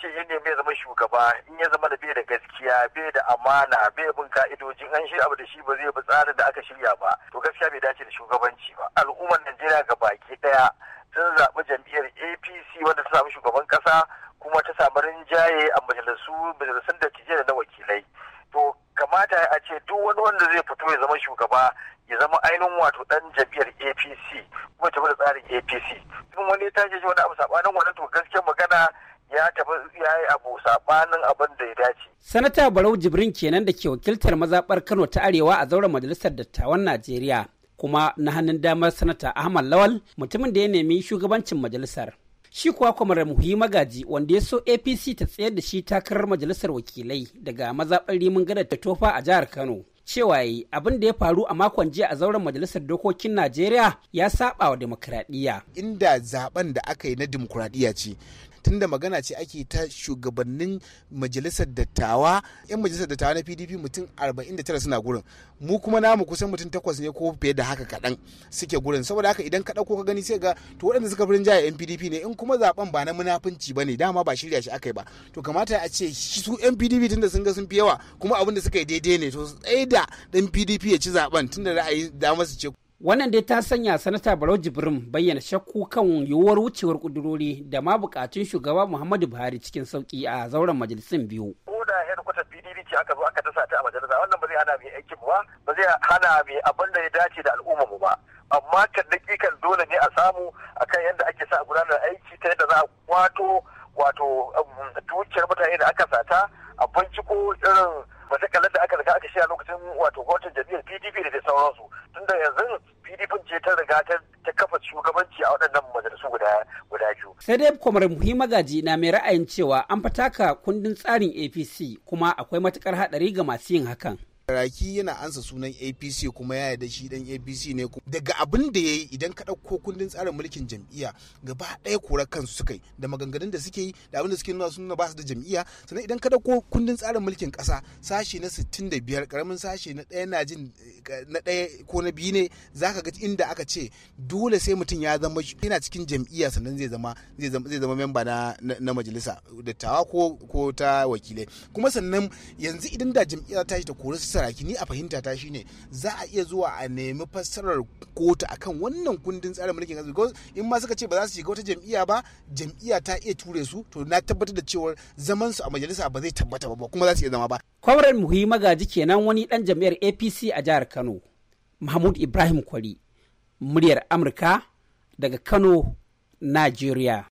ce ya nemi zama shugaba in ya zama da bai da gaskiya bai da amana bai bin ka'idojin an shirya abu da shi ba zai bi tsarin da aka shirya ba to gaskiya bai dace da shugabanci ba al'ummar najeriya ga baki daya sun zaɓi jam'iyyar apc wanda ta samu shugaban ƙasa kuma ta samu rinjaye a majalisu majalisun da da na wakilai to kamata a ce duk wani wanda zai fito ya zama shugaba ya zama ainihin wato dan jam'iyyar apc kuma tafi da tsarin apc tun wani ya tashi wani abu saɓanin wani to gaskiyar magana ya tafi ya yi abu saɓanin abin da ya dace. Sanata Barau Jibrin kenan da ke wakiltar mazaɓar Kano ta Arewa a zauren Majalisar Dattawan Najeriya kuma na hannun damar Sanata Ahmad Lawal mutumin da ya nemi shugabancin majalisar. Shi kuwa kwamar muhi magaji wanda ya so APC ta tsayar da shi takarar majalisar wakilai daga mazaɓar rimin gadar ta tofa a jihar Kano. Cewa yi abin da ya faru a makon jiya a zauren majalisar dokokin Najeriya ya saɓa wa demokuraɗiyya. Inda zaben da aka yi na demokuraɗiyya ce, tunda magana ce ake ta shugabannin majalisar dattawa yan majalisar dattawa na pdp mutum 49 suna gurin mu kuma namu kusan mutum takwas ne ko fiye da haka kaɗan suke gurin saboda haka idan ka ɗauko ka gani sai ga to waɗanda suka fi jaya yan pdp ne in kuma zaben ba na munafunci ba ne dama ba shirya shi aka yi ba to kamata a ce su yan pdp tunda sun ga sun fi yawa kuma abin da suka yi daidai ne to tsaye da ɗan pdp ya ci zaben tunda ra'ayi damar su ce wannan dai ta sanya sanata barau jibrin bayyana shakku kan yiwuwar wucewar kudurori da ma bukatun shugaba muhammadu buhari cikin sauki a zauren majalisun biyu da kwata bdb ce aka zo aka dasa ta a majalisa wannan ba zai hana mai aikin ba ba zai hana mai abin da ya dace da al'umma mu ba amma kan dakikan dole ne a samu akan yadda ake sa gudanar aiki ta yadda za a kwato wato um, dukiyar mutane da aka sata a binciko irin matakalar da aka riga aka shi a lokacin wato gwamnatin mata ta kafa shugabanci a waɗannan majalisu guda guda biyu. Sai dai kwamar muhimmi magaji na mai ra'ayin cewa an fataka kundin tsarin APC kuma akwai matukar haɗari ga masu yin hakan. Raki yana ansa sunan APC kuma ya yarda shi dan APC ne daga abin da ya yi idan ka ɗauko kundin tsarin mulkin jam'iyya gaba ɗaya kura kansu suka yi da maganganun da suke yi da abin da suke nuna sun ba su da jam'iyya sannan idan ka ɗauko kundin tsarin mulkin ƙasa sashi na 65 karamin sashi na ɗaya na jin na ɗaya ko na biyu ne za ka ga inda aka ce dole sai mutum ya zama yana cikin jam'iyya sannan zai zama zai zama zai zama memba na na majalisa dattawa ko ko ta wakilai kuma sannan yanzu idan da jam'iyya ta shi ta kori fassara ki ni a fahimta ta shine za a iya zuwa a nemi fassarar kotu akan wannan kundin tsarin mulkin kasa ko in ma suka ce ba za su shiga wata jam'iyya ba jam'iya ta iya ture su to na tabbatar da cewar zaman su a majalisa ba zai tabbata ba kuma za su iya zama ba kwamran muhi magaji kenan wani dan jam'iyyar APC a jihar Kano Mahmud Ibrahim Kwari muryar Amurka daga Kano Najeriya